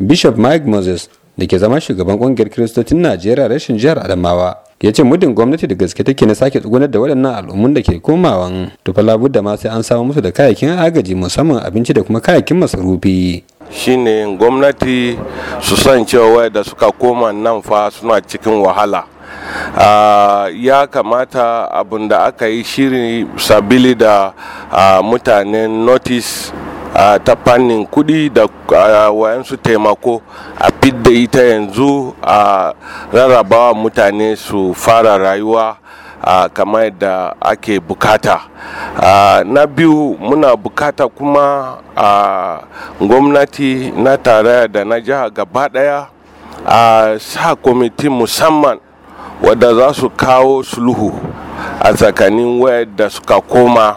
bishop mike moses da ke zama shugaban kungiyar kiristocin najeriya rashin jihar adamawa ya ce muddin gwamnati da gaske take na sake tsugunar da waɗannan al'ummun da ke komawan tufa da ma sai an samu musu da kayakin agaji musamman abinci da kuma kayayyakin masarufi shine gwamnati su san cewa da suka koma nan fa suna cikin wahala Uh, ya kamata abin da aka yi shiri sabili da ah, mutanen notice ta fannin kuɗi da wayansu taimako a fidda ita yanzu a rarrabawa mutane su fara rayuwa uh, kamar yadda ake bukata uh, na biyu muna bukata kuma a gwamnati na tarayya da na jiha gaba daya a sa kwamiti musamman wadda za su kawo sulhu a tsakanin wayar da suka koma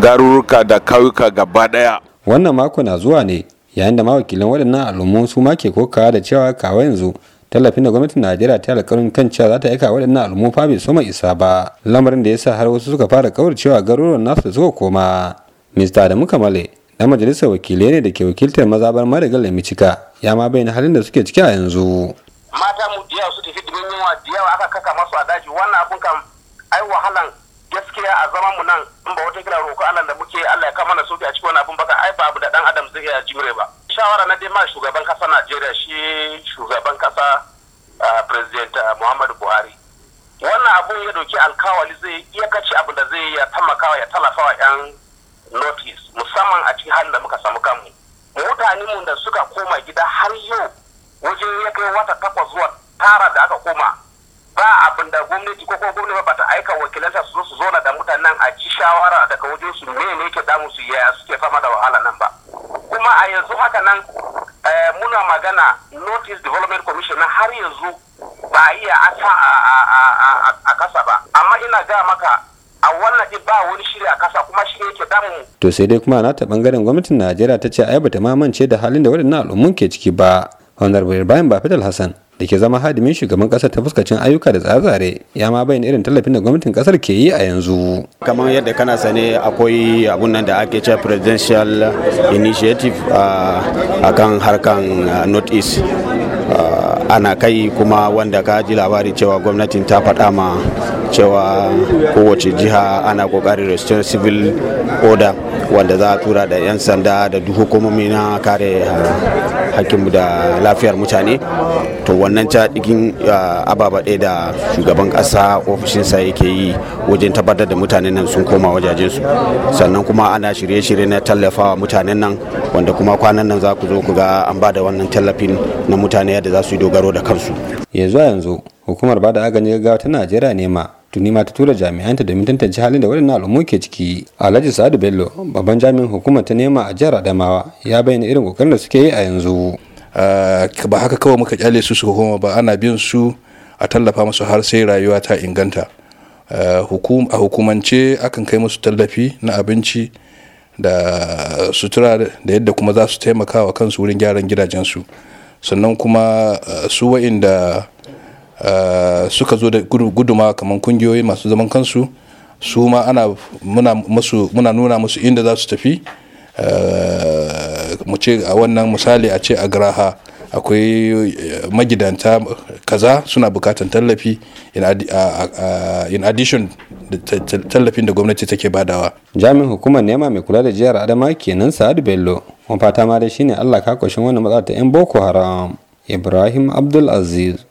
garuruka da kauyuka gaba daya wannan mako na zuwa ne yayin da mawakilan waɗannan al'ummu su ma ke kokawa da cewa kawa yanzu tallafin da gwamnatin najeriya ta alƙarin kan cewa za ta aika waɗannan al'ummu fa bai soma isa ba lamarin da ya sa har wasu suka fara kawar cewa garuruwan nasu da suka koma mista da muka male na majalisar wakilai ne da ke wakiltar mazabar madagal da micika ya ma bayyana halin da suke ciki a yanzu mata mu da yawa su tafi domin yunwa da yawa aka kaka masu a daji wannan abun kam ai wahalan gaskiya a zaman mu nan in ba wata kira roƙo Allah da muke Allah ya kama na sauki a cikin wannan abun ba zai iya jure ba shawara na dai ma shugaban kasa najeriya shi shugaban kasa president muhammadu buhari wannan abun ya doki alkawali zai iya kaci abin da zai ya tamakawa ya talafawa yan notice musamman a cikin halin da muka samu kanmu mutanenmu da suka koma gida har yau wajen ya kai wata takwas zuwa tara da aka koma ba abin da gwamnati ko kuma gwamnati ba ta aika wakilanta su zo su zona da mutanen a ji shawara daga wajen su ne ne ke damu su yaya suke fama da wahala nan ba nan eh, muna magana notice development commission na har yanzu ba iya a kasa ba amma ina ga maka a wannan ba wani shiri a kasa kuma shi yake damu to sai dai kuma na ta bangaren gwamnatin najeriya ta ce ai bata mamance da halin da waɗannan al'ummun ke ciki ba honorable bayan ba fidal hassan da ke zama hadimin shugaban kasar ta fuskacin ayyuka da tsare-tsare ya ma bayyana irin tallafin da gwamnatin kasar ke yi a yanzu kamar yadda kana sane akwai abun nan da ake cewa presidential initiative a ah, kan harkan ah, north ah, east ana kai kuma wanda ka ji labari cewa gwamnatin ta faɗa ma cewa kowace jiha ana kokarin restaurant civil order wanda za a tura da 'yan sanda da duk hukumomi na kare ah, hakkinmu da lafiyar mutane to wannan ta cikin ah, ababa ɗaya da shugaban ƙasa ofishinsa yake yi wajen tabbatar da mutanen nan sun koma wajajensu sannan kuma ana shirye-shirye na tallafawa mutanen nan wanda kuma kwanan nan za ku zo ku ga an ba da wannan tallafin na mutane yadda za su yi dogaro da kansu yanzu yanzu hukumar ba da agajin gaggawa ta najeriya ne ma tuni ma ta tura jami'anta domin tantance halin da waɗannan al'ummu ke ciki alhaji sa'adu bello babban jami'in hukumar ta nema a jihar adamawa ya bayyana irin kokarin da suke yi a yanzu ah, ba haka kawai muka kyale su suka koma ba ana bin su a tallafa musu har sai rayuwa ta inganta ah, a hukumance akan kai musu tallafi na abinci da sutura da yadda kuma za su taimaka wa kansu wurin gyaran gidajensu sannan kuma ah, su wa'inda Eh, suka zo da guduma kamar kungiyoyi masu zaman kansu su ma ana muna nuna musu inda za su tafi eh, mu ce a wannan misali a ce a graha akwai eh, magidanta kaza suna bukatan tallafi in addition tallafin da gwamnati take badawa jami'in hukumar nema mai kula da jihar adama kenan sa'ad bello kuma fata ma dai shine allah ka kwashin wannan matsala ta yan boko haram ibrahim abdul aziz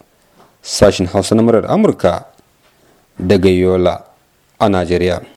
sashin hausa na murar amurka daga yola a najeriya